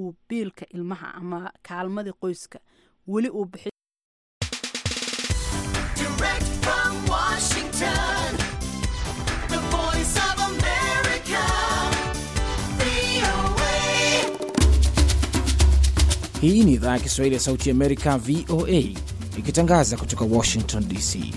uu biilka ilmaha ama kaalmadii qoyska weli uu bixi Hii ni idhaa ya Kiswahili ya Sauti Amerika, VOA, ikitangaza kutoka Washington DC.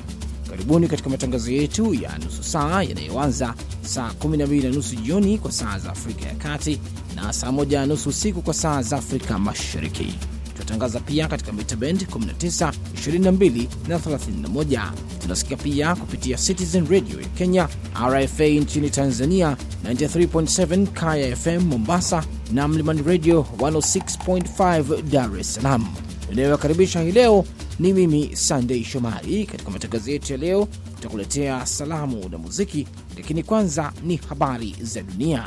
Karibuni katika matangazo yetu ya nusu saa yanayoanza saa 12 na nusu jioni kwa saa za Afrika ya Kati na saa 1 na nusu usiku kwa saa za Afrika Mashariki. Tunatangaza pia katika mita bend 19, 22 na 31. Tunasikia pia kupitia Citizen Radio ya Kenya, RFA nchini Tanzania 93.7, Kaya FM Mombasa na Mlimani Radio 106.5 Dar es Salaam inayowakaribisha hii leo ni mimi Sandei Shomari. Katika matangazo yetu ya leo, tutakuletea salamu na muziki, lakini kwanza ni habari za dunia.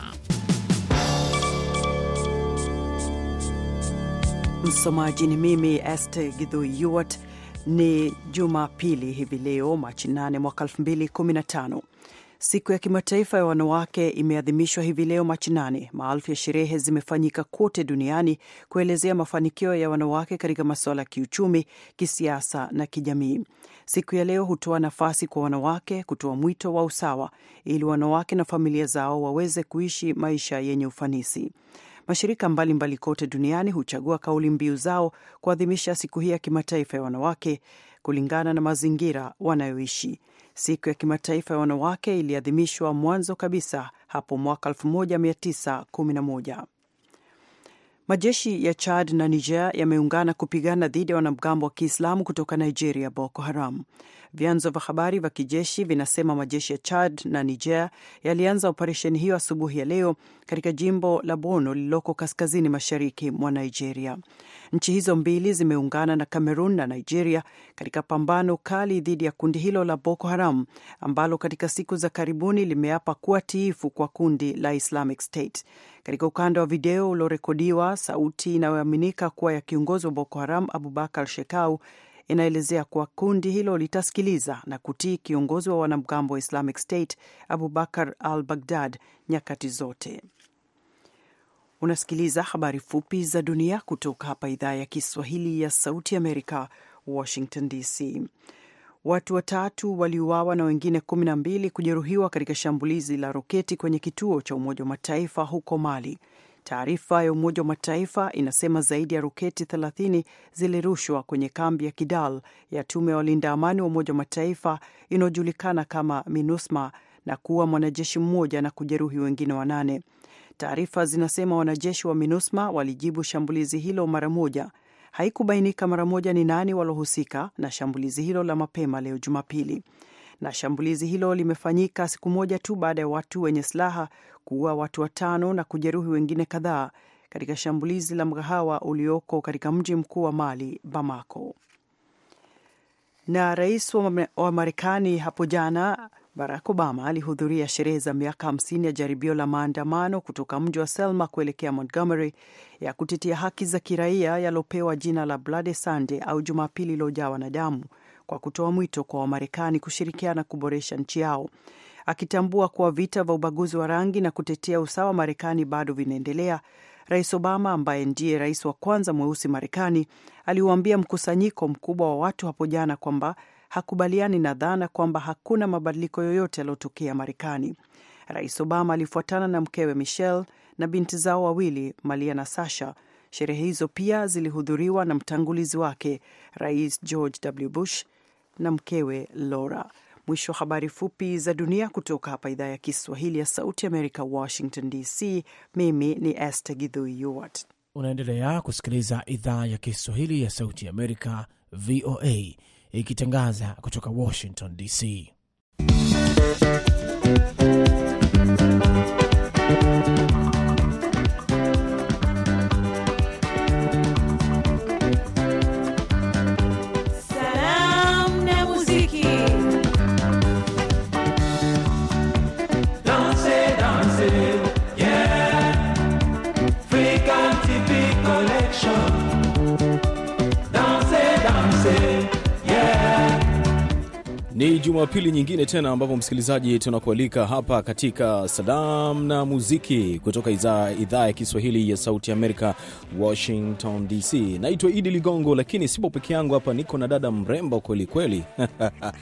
Msomaji ni mimi Este Gidhuyuat. Ni Jumapili hivi leo Machi 8 mwaka 2015. Siku ya kimataifa ya wanawake imeadhimishwa hivi leo Machi nane. Maelfu ya sherehe zimefanyika kote duniani kuelezea mafanikio ya wanawake katika masuala ya kiuchumi, kisiasa na kijamii. Siku ya leo hutoa nafasi kwa wanawake kutoa mwito wa usawa ili wanawake na familia zao waweze kuishi maisha yenye ufanisi. Mashirika mbalimbali mbali kote duniani huchagua kauli mbiu zao kuadhimisha siku hii ya kimataifa ya wanawake kulingana na mazingira wanayoishi. Siku ya kimataifa ya wanawake iliadhimishwa mwanzo kabisa hapo mwaka 1911. Majeshi ya Chad na Niger yameungana kupigana dhidi ya wanamgambo wa Kiislamu kutoka Nigeria, Boko Haram. Vyanzo vya habari vya kijeshi vinasema majeshi ya Chad na Niger yalianza operesheni hiyo asubuhi ya leo katika jimbo la bono lililoko kaskazini mashariki mwa Nigeria. Nchi hizo mbili zimeungana na Cameroon na Nigeria katika pambano kali dhidi ya kundi hilo la Boko Haram ambalo katika siku za karibuni limeapa kuwa tiifu kwa kundi la Islamic State. Katika ukanda wa video uliorekodiwa, sauti inayoaminika kuwa ya kiongozi wa Boko Haram Abubakar Shekau inaelezea kuwa kundi hilo litasikiliza na kutii kiongozi wa wanamgambo wa Islamic State Abubakar al Baghdad nyakati zote. Unasikiliza habari fupi za dunia kutoka hapa idhaa ya Kiswahili ya Sauti Amerika, Washington DC. Watu watatu waliuawa na wengine kumi na mbili kujeruhiwa katika shambulizi la roketi kwenye kituo cha Umoja wa Mataifa huko Mali, Taarifa ya Umoja wa Mataifa inasema zaidi ya roketi 30 zilirushwa kwenye kambi ya Kidal ya tume ya walinda amani wa Umoja wa Mataifa inayojulikana kama MINUSMA na kuwa mwanajeshi mmoja na kujeruhi wengine wanane. Taarifa zinasema wanajeshi wa MINUSMA walijibu shambulizi hilo mara moja. Haikubainika mara moja ni nani walohusika na shambulizi hilo la mapema leo Jumapili na shambulizi hilo limefanyika siku moja tu baada ya watu wenye silaha kuua watu watano na kujeruhi wengine kadhaa katika shambulizi la mgahawa ulioko katika mji mkuu wa Mali, Bamako. Na rais wa Marekani hapo jana Barack Obama alihudhuria sherehe za miaka 50 ya jaribio la maandamano kutoka mji wa Selma kuelekea Montgomery ya kutetea haki za kiraia yalopewa jina la Bloody Sunday au Jumapili iliojawa na damu kwa kutoa mwito kwa Wamarekani kushirikiana kuboresha nchi yao, akitambua kuwa vita vya ubaguzi wa rangi na kutetea usawa Marekani bado vinaendelea. Rais Obama ambaye ndiye rais wa kwanza mweusi Marekani aliuambia mkusanyiko mkubwa wa watu hapo jana kwamba hakubaliani na dhana kwamba hakuna mabadiliko yoyote yaliyotokea Marekani. Rais Obama alifuatana na mkewe Michelle na binti zao wawili Malia na Sasha. Sherehe hizo pia zilihudhuriwa na mtangulizi wake Rais George W. Bush na mkewe Laura. Mwisho wa habari fupi za dunia kutoka hapa idhaa ya Kiswahili ya Sauti Amerika, Washington DC. Mimi ni Esther Githui Yuwat. Unaendelea kusikiliza idhaa ya Kiswahili ya Sauti Amerika, VOA, ikitangaza kutoka Washington DC. Ni Jumapili nyingine tena ambapo msikilizaji, tunakualika hapa katika salam na muziki kutoka idhaa ya Kiswahili ya Sauti Amerika, Washington DC. Naitwa Idi Ligongo, lakini sipo peke yangu hapa, niko na dada mrembo kwelikweli.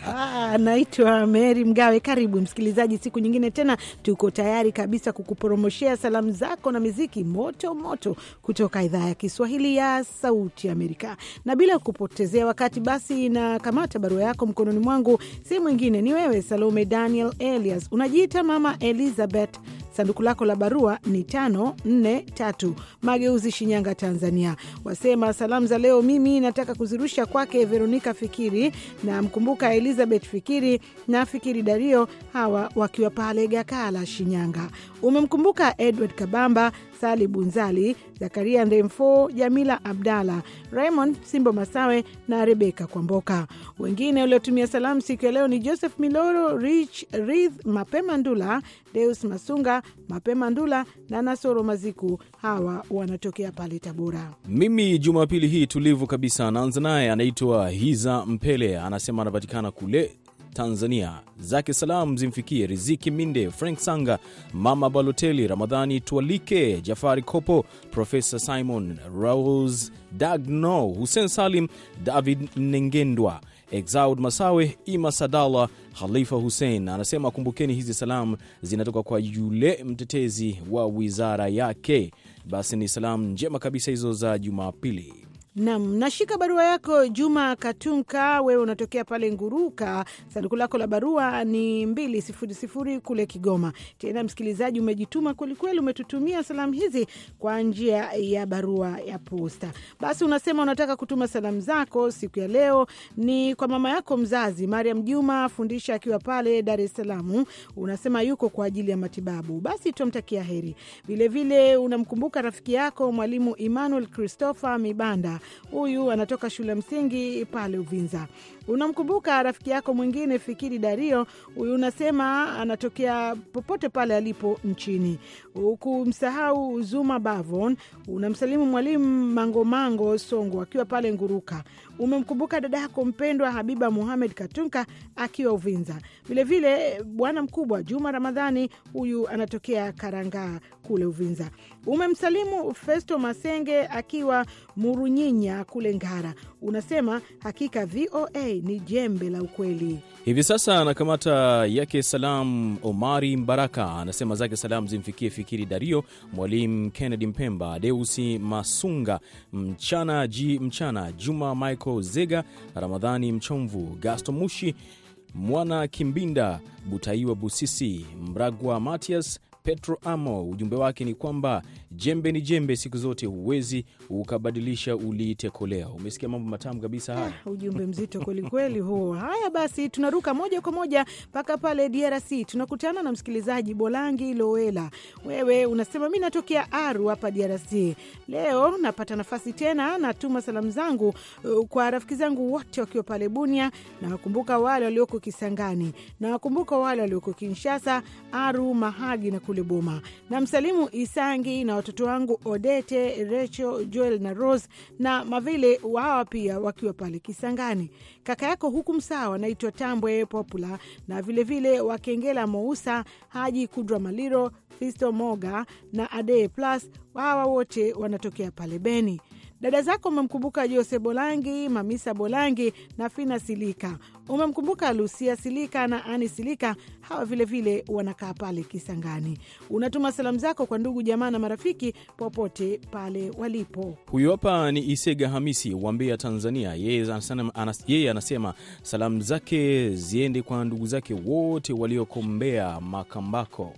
Ah, naitwa Meri Mgawe. Karibu msikilizaji, siku nyingine tena, tuko tayari kabisa kukuporomoshea salamu zako na miziki moto moto kutoka idhaa ya Kiswahili ya Sauti Amerika. Na bila kupotezea wakati, basi inakamata barua yako mkononi mwangu si mwingine ni wewe Salome Daniel Elias, unajiita Mama Elizabeth. Sanduku lako la barua ni 543 Mageuzi, Shinyanga, Tanzania. Wasema salamu za leo mimi nataka kuzirusha kwake Veronika Fikiri na mkumbuka Elizabeth Fikiri na Fikiri Dario, hawa wakiwa pale Gakala, Shinyanga. Umemkumbuka Edward Kabamba Sali Bunzali, Zakaria Ndemfo, Jamila Abdala, Raymond Simbo Masawe na Rebeka Kwamboka. Wengine waliotumia salamu siku ya leo ni Joseph Miloro, Rich Rith Mapema Ndula, Deus Masunga Mapema Ndula na Nasoro Maziku. Hawa wanatokea pale Tabora. Mimi Jumapili hii tulivu kabisa naanza naye, anaitwa Hiza Mpele, anasema anapatikana kule Tanzania. Zake salam zimfikie Riziki Minde, Frank Sanga, Mama Baloteli, Ramadhani Twalike, Jafari Kopo, Profesa Simon Rose, Dagno Hussein Salim, David Nengendwa, Exaud Masawe, Ima Sadala, Khalifa Hussein anasema kumbukeni, hizi salamu zinatoka kwa yule mtetezi wa wizara yake. Basi ni salamu njema kabisa hizo za Jumapili. Nam, nashika barua yako Juma Katunka, wewe unatokea pale Nguruka. Sanduku lako la barua ni mbili sifuri sifuri kule Kigoma. Tena msikilizaji, umejituma kwelikweli, umetutumia salamu hizi kwa njia ya barua ya posta. Basi unasema unataka kutuma salamu zako siku ya leo ni kwa mama yako mzazi Mariam Juma Fundisha akiwa pale Dar es Salaam. Unasema yuko kwa ajili ya matibabu, basi twamtakia heri. Vilevile unamkumbuka rafiki yako mwalimu Emmanuel Christopher Mibanda huyu anatoka shule msingi pale Uvinza. Unamkumbuka rafiki yako mwingine Fikiri Dario, huyu unasema anatokea popote pale alipo nchini. Hukumsahau Zuma Bavon, unamsalimu mwalimu Mangomango Songo akiwa pale Nguruka. Umemkumbuka dada yako mpendwa Habiba Muhamed Katunka akiwa Uvinza, vilevile bwana mkubwa Juma Ramadhani, huyu anatokea Karangaa kule Uvinza. Umemsalimu Festo Masenge akiwa Murunyinya kule Ngara. Unasema hakika VOA ni jembe la ukweli. Hivi sasa anakamata yake salam. Omari Mbaraka anasema zake salam zimfikie Fikiri Dario, Mwalimu Kennedy Mpemba, Deusi Masunga, Mchana G Mchana, Juma Michael Zega, Ramadhani Mchomvu, Gasto Mushi, Mwana Kimbinda, Butaiwa Busisi, Mragwa Matias, Petro Amo. Ujumbe wake ni kwamba jembe ni jembe siku zote, huwezi ukabadilisha uliite kolea. Umesikia mambo matamu kabisa haya. Ah, ujumbe mzito kwelikweli huo. Haya basi, tunaruka moja kwa moja mpaka pale DRC. Tunakutana na msikilizaji Bolangi Lowela, wewe unasema mi natokea Aru hapa DRC. Leo napata nafasi tena, natuma salamu zangu uh, kwa rafiki zangu wote wakiwa pale Bunia. Nawakumbuka wale walioko Kisangani, nawakumbuka wale walioko Kinshasa, Aru, Mahagi na kule kule Boma. Na msalimu Isangi na watoto wangu Odete, Recho, Joel na Rose na Mavile wawa pia wakiwa pale Kisangani. Kaka yako huku Msawa wanaitwa Tambwe Popula na vilevile vile Wakengela Mousa, Haji Kudra Maliro, Fisto Moga na Ade Plus, wote wanatokea pale Beni. Dada zako umemkumbuka Jose Bolangi, Mamisa Bolangi na Fina Silika, umemkumbuka lusia Silika na Ani Silika, hawa vilevile wanakaa pale Kisangani. Unatuma salamu zako kwa ndugu jamaa na marafiki popote pale walipo. Huyu hapa ni Isega Hamisi wa Mbeya, Tanzania. Yeye yeye anasema salamu zake ziende kwa ndugu zake wote walioko Mbeya Makambako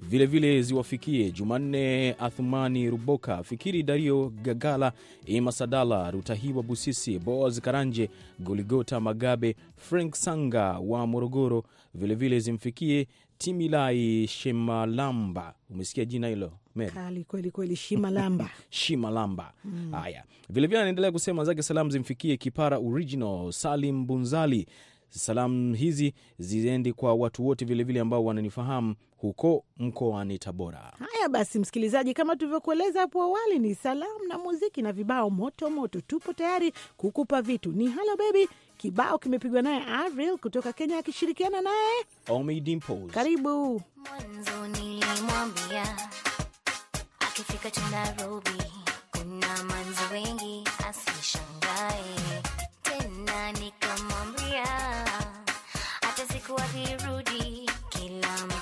Vilevile ziwafikie Jumanne Athumani Ruboka, Fikiri Dario, Gagala Ima Sadala, Rutahiwa Busisi, Boaz Karanje, Goligota Magabe, Frank Sanga wa Morogoro. Vilevile zimfikie Timilai Shemalamba. Umesikia jina hilo kali kweli kweli, Shimalamba Shimalamba. Mm. Haya, mm. Vilevile anaendelea kusema zake salamu zimfikie Kipara Original, Salim Bunzali. Salamu hizi ziende kwa watu wote vilevile ambao wananifahamu huko mkoani Tabora. Haya basi, msikilizaji, kama tulivyokueleza hapo awali, ni salamu na muziki na vibao moto moto. Tupo tayari kukupa vitu. Ni halo bebi, kibao kimepigwa naye Avril kutoka Kenya akishirikiana naye Omi Karibu. Mwanzo nilimwambia akifika tu Nairobi kuna manzi wengi asishangae tena, nikamwambia hata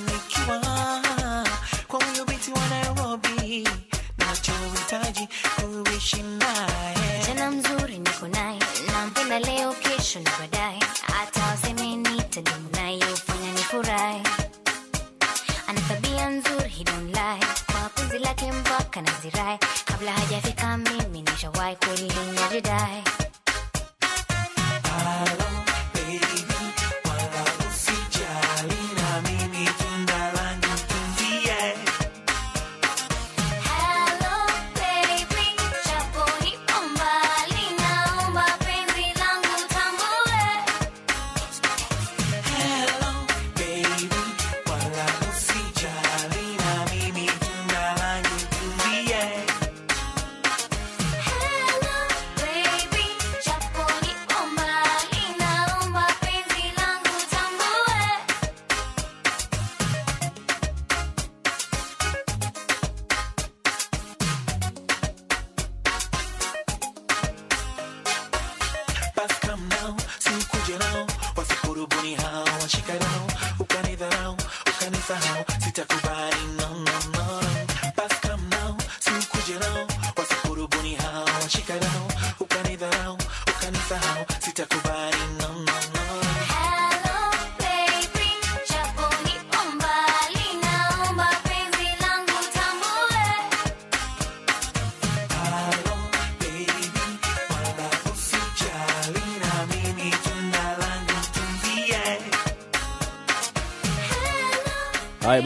kufanikiwa kwa huyo binti wa Nairobi, nachohitaji kuishi naye. Kijana mzuri niko naye, nampenda leo, kesho na baadaye, hata waseme nitadumu nifurahi. Ana tabia nzuri, he don't lie, kwa penzi lake mpaka nazirai, kabla hajafika mimi nishawahi kweli, nimeridai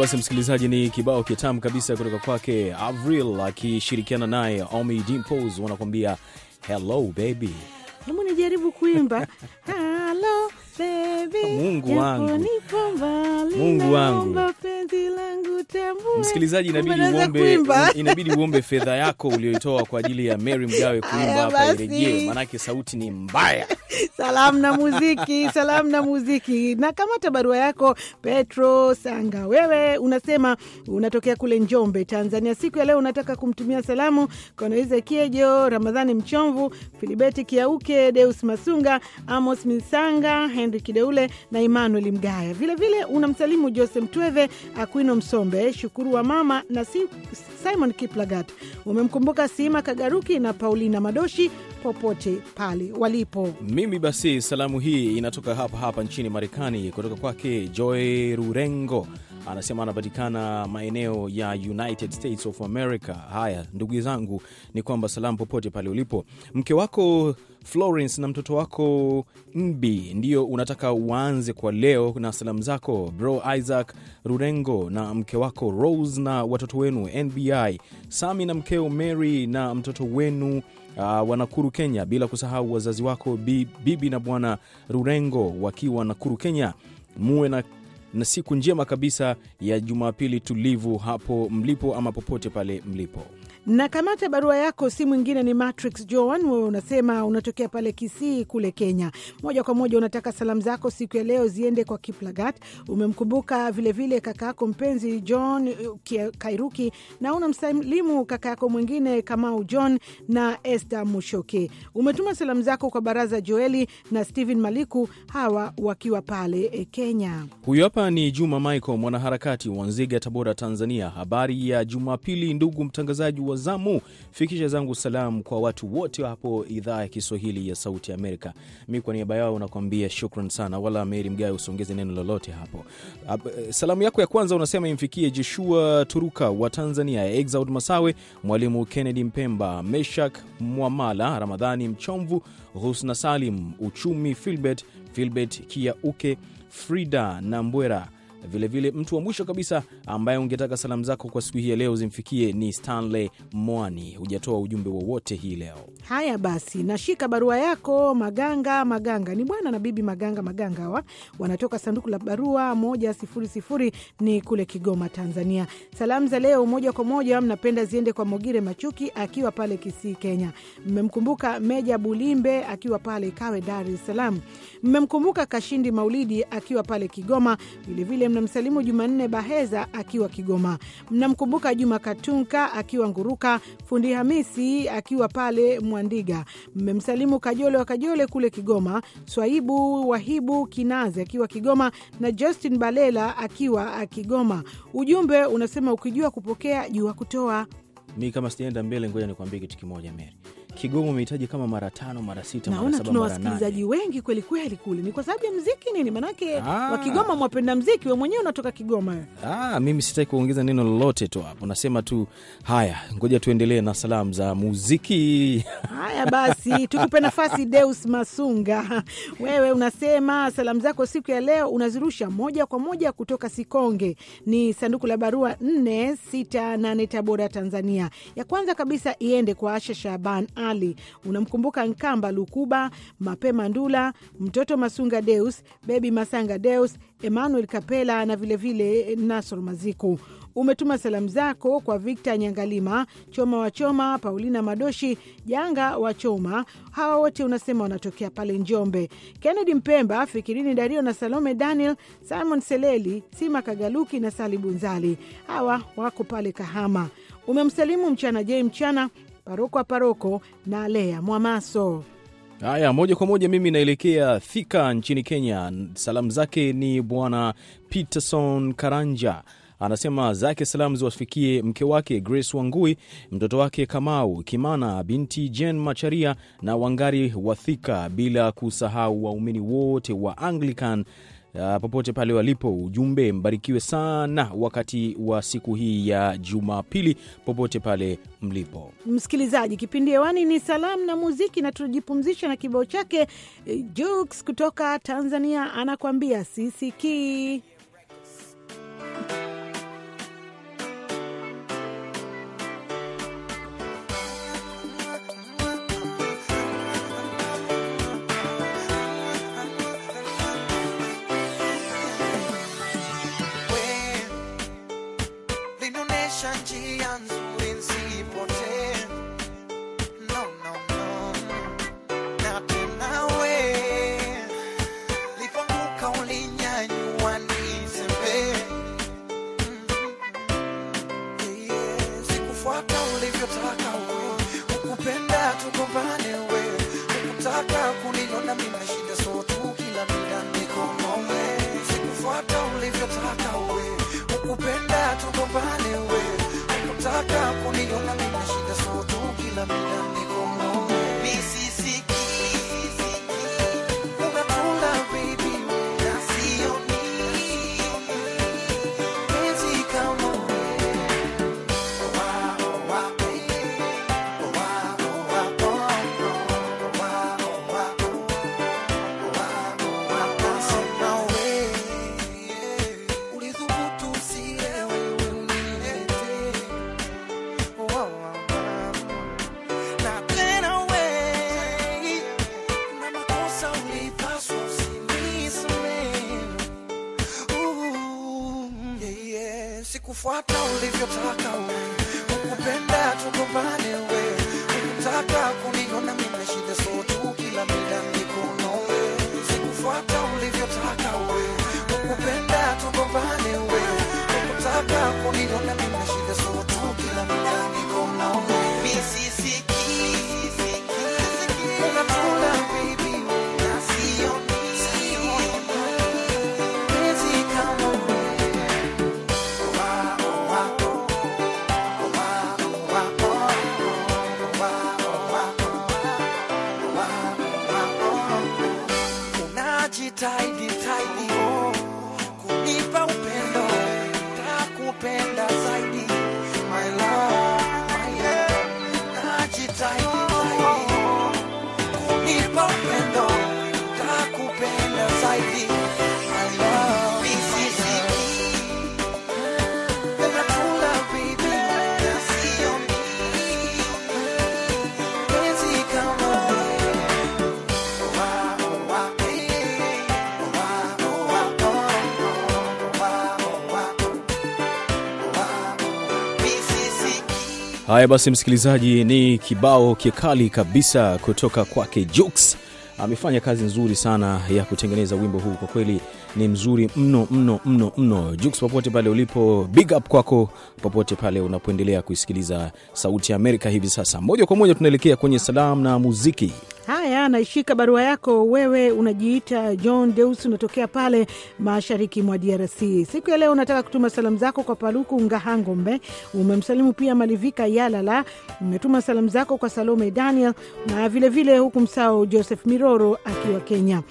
basi msikilizaji, ni kibao kitamu kabisa kutoka kwake Avril akishirikiana naye Omi dimpos wanakuambia hello baby. Hebu nijaribu kuimba hello baby, Mungu wangu, Mungu wangu Msikilizaji, inabidi uombe, inabidi uombe fedha yako ulioitoa kwa ajili ya Mary Mgawe kuimba hapa irejee, maanake sauti ni mbaya. Salamu na muziki, salamu na muziki. Na kamata barua yako Petro Sanga, wewe unasema unatokea kule Njombe, Tanzania. Siku ya leo unataka kumtumia salamu Konoize Kiejo, Ramadhani Mchomvu, Filibeti Kiauke, Deus Masunga, Amos Misanga, henri Kideule na Emmanuel Mgaya. Vilevile unamsalimu Jose Mtweve, Akwino Msombe Mzee Shukuru wa Mama na Simon Kiplagat. Umemkumbuka Sima Kagaruki na Paulina Madoshi popote pale walipo. Mimi basi, salamu hii inatoka hapa hapa nchini Marekani, kutoka kwake Joy Rurengo anasema anapatikana maeneo ya United States of America. Haya ndugu zangu, ni kwamba salamu popote pale ulipo, mke wako Florence na mtoto wako mbi ndio unataka uanze kwa leo na salamu zako bro Isaac Rurengo na mke wako Rose na watoto wenu NBI Sami na mkeo Mary na mtoto wenu Uh, wa Nakuru Kenya, bila kusahau wazazi wako bibi na bwana Rurengo wakiwa Nakuru Kenya. Muwe na na siku njema kabisa ya Jumapili tulivu hapo mlipo ama popote pale mlipo. Na kamata barua yako, si mwingine ni Matrix Joan. Wewe unasema unatokea pale Kisii kule Kenya. Moja kwa moja unataka salamu zako siku ya leo ziende kwa Kiplagat, umemkumbuka vilevile kaka yako mpenzi John uh, Kairuki na unamsalimu kaka yako mwingine Kamau John na Esther Mushoke. Umetuma salamu zako kwa Baraza Joeli na stehen Maliku, hawa wakiwa pale eh, Kenya. Huyu hapa ni Juma Michael, mwanaharakati wa Nzega, Tabora, Tanzania. Habari ya Jumapili ndugu mtangazaji wa wa zamu, fikisha zangu salamu kwa watu wote hapo idhaa ya Kiswahili ya Sauti ya Amerika. Mi kwa niaba yao unakuambia shukran sana, wala Meri Mgawe usiongeze neno lolote hapo. Eh, salamu yako ya kwanza unasema imfikie Joshua Turuka wa Tanzania, Exaud Masawe, Mwalimu Kennedy Mpemba, Meshak Mwamala, Ramadhani Mchomvu, Husna Salim Uchumi, Filbert Filbert Kiauke, Frida na Mbwera Vilevile vile, mtu wa mwisho kabisa ambaye ungetaka salamu zako kwa siku hii ya leo zimfikie ni Stanley Mwani. Hujatoa ujumbe wowote hii leo. Haya basi, nashika barua yako Maganga Maganga. Ni bwana na bibi Maganga Maganga, hawa wanatoka sanduku la barua moja sifuri sifuri, ni kule Kigoma, Tanzania. Salamu za leo moja kwa moja mnapenda ziende kwa Mogire Machuki akiwa pale Kisii, Kenya. Mmemkumbuka Meja Bulimbe akiwa pale Kawe, Dar es Salaam. Mmemkumbuka Kashindi Maulidi akiwa pale Kigoma vilevile mnamsalimu Jumanne Baheza akiwa Kigoma, mnamkumbuka Juma Katunka akiwa Nguruka, fundi Hamisi akiwa pale Mwandiga, mmemsalimu Kajole wa Kajole kule Kigoma, Swaibu Wahibu Kinazi akiwa Kigoma na Justin Balela akiwa Kigoma. Ujumbe unasema ukijua kupokea jua kutoa. Mi kama sijaenda mbele, ngoja nikwambie kitu kimoja Mary Kigogo umehitaji kama mara tano mara sita Naona tuna wasikilizaji wengi kweli kweli kule. Ni kwa sababu ya mziki nini? Maanake ah. wa Kigoma mwapenda mziki, we mwenyewe unatoka Kigoma. Aa, ah, mimi sitaki kuongeza neno lolote tu hapo, nasema tu haya, ngoja tuendelee na salamu za muziki. Haya basi, tukupe nafasi Deus Masunga, wewe unasema salamu zako siku ya leo unazirusha moja kwa moja kutoka Sikonge, ni sanduku la barua 468 Tabora, Tanzania. Ya kwanza kabisa iende kwa Asha Shaban ali. Unamkumbuka Nkamba Lukuba, Mapema Ndula, mtoto Masunga Deus, Bebi Masanga Deus, Emmanuel Kapela na vilevile vile Nasor Maziku. Umetuma salamu zako kwa Victor Nyangalima, Choma wa Choma, Paulina Madoshi, Janga wa Choma. Hawa wote unasema wanatokea pale Njombe. Kennedy Mpemba, Fikirini Dario na Salome Daniel, Simon Seleli, Sima Kagaluki na Sali Bunzali, hawa wako pale Kahama. Umemsalimu mchana Jei mchana paroko wa paroko na Lea Mwamaso. Haya, moja kwa moja mimi naelekea Thika nchini Kenya. Salamu zake ni Bwana Peterson Karanja anasema zake salamu ziwafikie mke wake Grace Wangui, mtoto wake Kamau Kimana, binti Jen Macharia na Wangari wa thika bila kusahau waumini wote wa Anglican Uh, popote pale walipo, ujumbe mbarikiwe sana wakati wa siku hii ya Jumapili, popote pale mlipo msikilizaji. Kipindi hewani ni salamu na muziki, na tunajipumzisha na kibao chake eh, Jux kutoka Tanzania, anakuambia sisikii bend Haya basi, msikilizaji, ni kibao kikali kabisa kutoka kwake Jux. Amefanya kazi nzuri sana ya kutengeneza wimbo huu kwa kweli ni mzuri mno mno mno mno. Juks, popote pale ulipo, big up kwako, popote pale unapoendelea kuisikiliza Sauti ya Amerika hivi sasa. Moja kwa moja tunaelekea kwenye salamu na muziki. Haya, naishika barua yako wewe, unajiita John Deus, unatokea pale mashariki mwa DRC. Siku ya leo unataka kutuma salamu zako kwa Paluku Ngahangombe, umemsalimu pia Malivika Yalala, umetuma salamu zako kwa Salome Daniel na vilevile huku msao Joseph Miroro akiwa Kenya.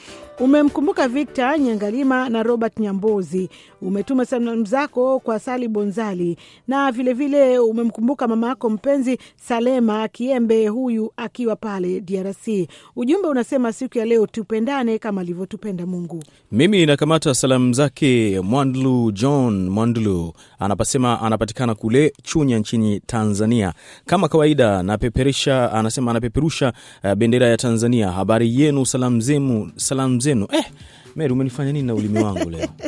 Umemkumbuka Victor Nyangalima na Robert Nyambozi, umetuma salamu zako kwa Sali Bonzali na vilevile vile umemkumbuka mama yako mpenzi Salema Kiembe, huyu akiwa pale DRC. Ujumbe unasema siku ya leo tupendane kama alivyotupenda Mungu. Mimi nakamata salamu zake Mwandlu John Mwandlu, anapasema anapatikana kule Chunya nchini Tanzania. Kama kawaida napeperisha, anasema anapeperusha eh, bendera ya Tanzania. Habari yenu, salamu zenu, salamu zenu zenu. Eh, mer umenifanya nini na ulimi wangu leo?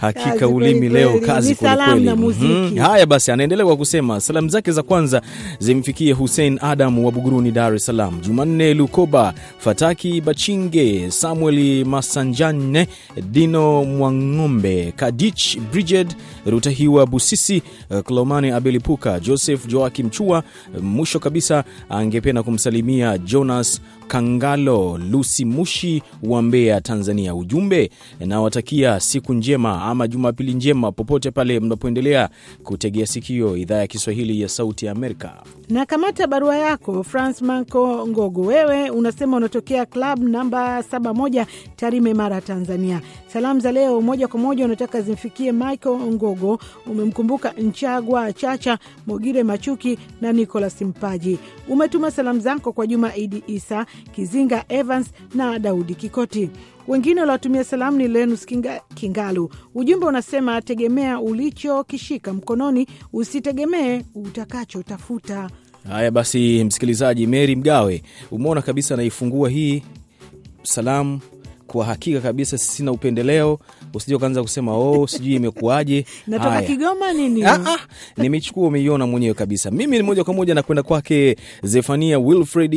Hakika ulimi leo kazi kwelikweli. mm -hmm. Haya basi, anaendelea kwa kusema salamu zake za kwanza zimfikie Hussein Adam wa Buguruni, Dar es Salaam, Jumanne Lukoba, Fataki Bachinge, Samuel Masanjane, Dino Mwang'ombe, Kadich Bridget Rutahiwa, Busisi eh, Klomani, Abelipuka, Joseph Joakim Chua. Eh, mwisho kabisa, angependa kumsalimia Jonas Kangalo Lusi Mushi wa Mbeya, Tanzania. Ujumbe nawatakia siku njema ama Jumapili njema popote pale mnapoendelea kutegea sikio idhaa ya Kiswahili ya Sauti ya Amerika. Na kamata barua yako France Manco Ngogo, wewe unasema unatokea klab namba 71 Tarime, Mara, Tanzania. Salamu za leo moja kwa moja unataka zimfikie Michael Ngogo, umemkumbuka Nchagwa Chacha Mogire Machuki na Nicolas Mpaji. Umetuma salamu zako kwa Juma Idi Isa Kizinga Evans na Daudi Kikoti. Wengine waliotumia salamu ni Lenus Kinga, Kingalu. Ujumbe unasema tegemea ulichokishika mkononi, usitegemee utakachotafuta. Haya basi, msikilizaji Meri Mgawe, umeona kabisa, anaifungua hii salamu kwa hakika kabisa, sina upendeleo usije ukaanza kusema oh, sijui imekuaje natoka Kigoma nini? Ah, ah, nimechukua umeiona mwenyewe kabisa. Mimi moja kwa moja nakwenda kwake Zefania Wilfred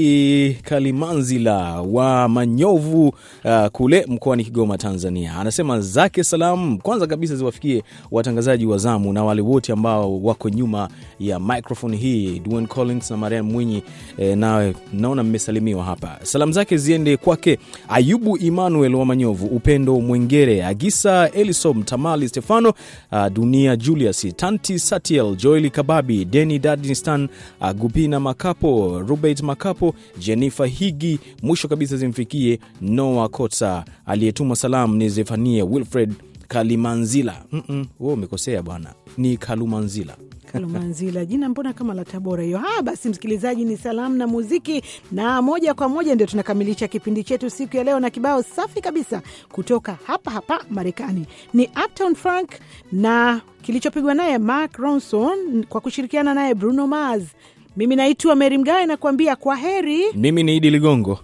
Kalimanzila wa Manyovu uh, kule mkoani Kigoma, Tanzania. Anasema zake salamu kwanza kabisa ziwafikie watangazaji wa zamu na wale wote ambao wako nyuma ya microphone hii, Dwayne Collins na Mariam Mwinyi. Eh, na naona mmesalimiwa hapa. Salamu zake ziende kwake Ayubu Emmanuel wa Manyovu, Upendo Mwengere, Agis Hamisa Elisom, Tamali Stefano, uh, Dunia Julius, Tanti Satiel, Joeli Kababi, Deni uh, Gupina Makapo, Rubert Makapo, Jennifer Higi. Mwisho kabisa zimfikie Noah Kotsa. Aliyetuma salamu ni Zefania Wilfred Kalimanzila. mm umekosea bwana, ni Kalumanzila. Kalumanzila, jina mbona kama la Tabora hiyo. Haya basi, msikilizaji, ni salamu na muziki, na moja kwa moja ndio tunakamilisha kipindi chetu siku ya leo na kibao safi kabisa kutoka hapa hapa Marekani. Ni apton frank na kilichopigwa naye Mark Ronson kwa kushirikiana naye Bruno Mars. Mimi naitwa Meri Mgawe na kuambia kwa heri. Mimi ni Idi Ligongo.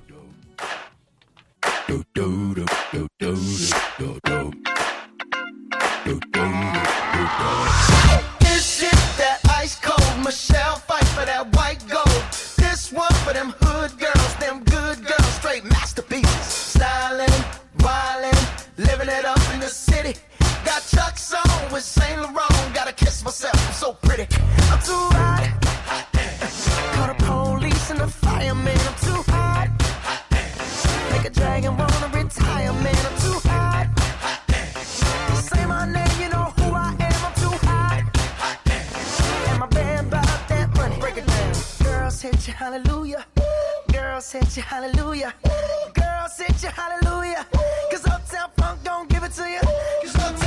This is that ice cold Michelle fight for that white gold. This one for them hood girls, them good girls, straight masterpieces. Styling, wildin', living it up in the city. Got Chuck's on with Saint Laurent. Gotta kiss myself, I'm so pretty. I'm too hot. Call the police and the firemen. hallelujah. Girl, set you hallelujah. Girl, set you hallelujah. Cause Uptown Funk don't give it to you. Cause uptown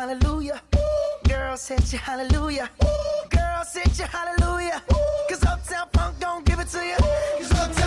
hallelujah. Girl said you hallelujah. Girl said you hallelujah. Cause Uptown Funk don't give it to you.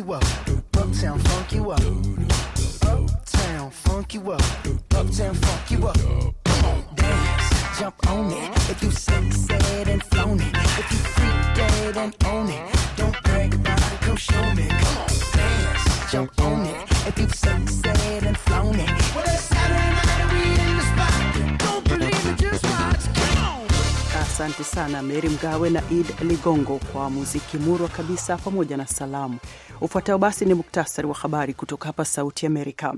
you up. Uptown funk you up. Uptown funk you up. Uptown funk you up. Dance, jump on it. If you succeed and flown it. If you freak dead and own it. Don't brag about it, come show me. Come on, dance, jump on it. If you succeed and flown it. Well, Asante sana Meri Mgawe na Id Ligongo kwa muziki murwa kabisa pamoja na salamu. Ufuatao basi ni muktasari wa habari kutoka hapa Sauti Amerika.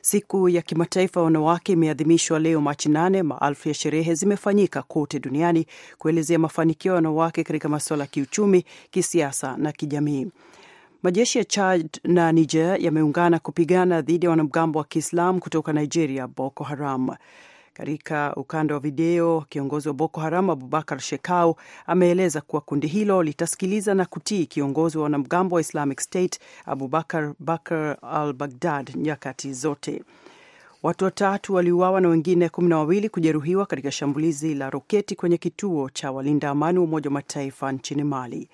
Siku ya kimataifa ya wanawake imeadhimishwa leo Machi nane. Maelfu ya sherehe zimefanyika kote duniani kuelezea mafanikio ya wanawake katika masuala ya kiuchumi, kisiasa na kijamii. Majeshi ya Chad na Niger yameungana kupigana dhidi ya wanamgambo wa Kiislamu kutoka Nigeria, Boko Haram. Katika ukanda wa video, kiongozi wa Boko Haram Abubakar Shekau ameeleza kuwa kundi hilo litasikiliza na kutii kiongozi wa wanamgambo wa Islamic State Abubakar Bakar al Baghdad nyakati zote. Watu watatu waliuawa na wengine kumi na wawili kujeruhiwa katika shambulizi la roketi kwenye kituo cha walinda amani wa Umoja wa Mataifa nchini Mali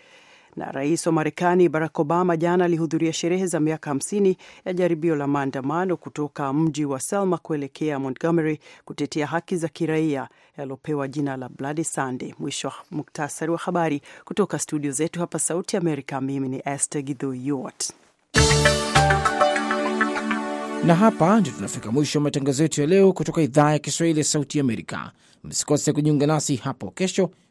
na rais wa Marekani Barack Obama jana alihudhuria sherehe za miaka 50 ya jaribio la maandamano kutoka mji wa Selma kuelekea Montgomery kutetea haki za kiraia yaliopewa jina la Bloody Sunday. Mwisho wa muktasari wa habari kutoka studio zetu hapa Sauti Amerika. Mimi ni Esther Gidhyuart na hapa ndio tunafika mwisho wa matangazo yetu ya leo kutoka idhaa ya Kiswahili ya Sauti Amerika. Msikose kujiunga nasi hapo kesho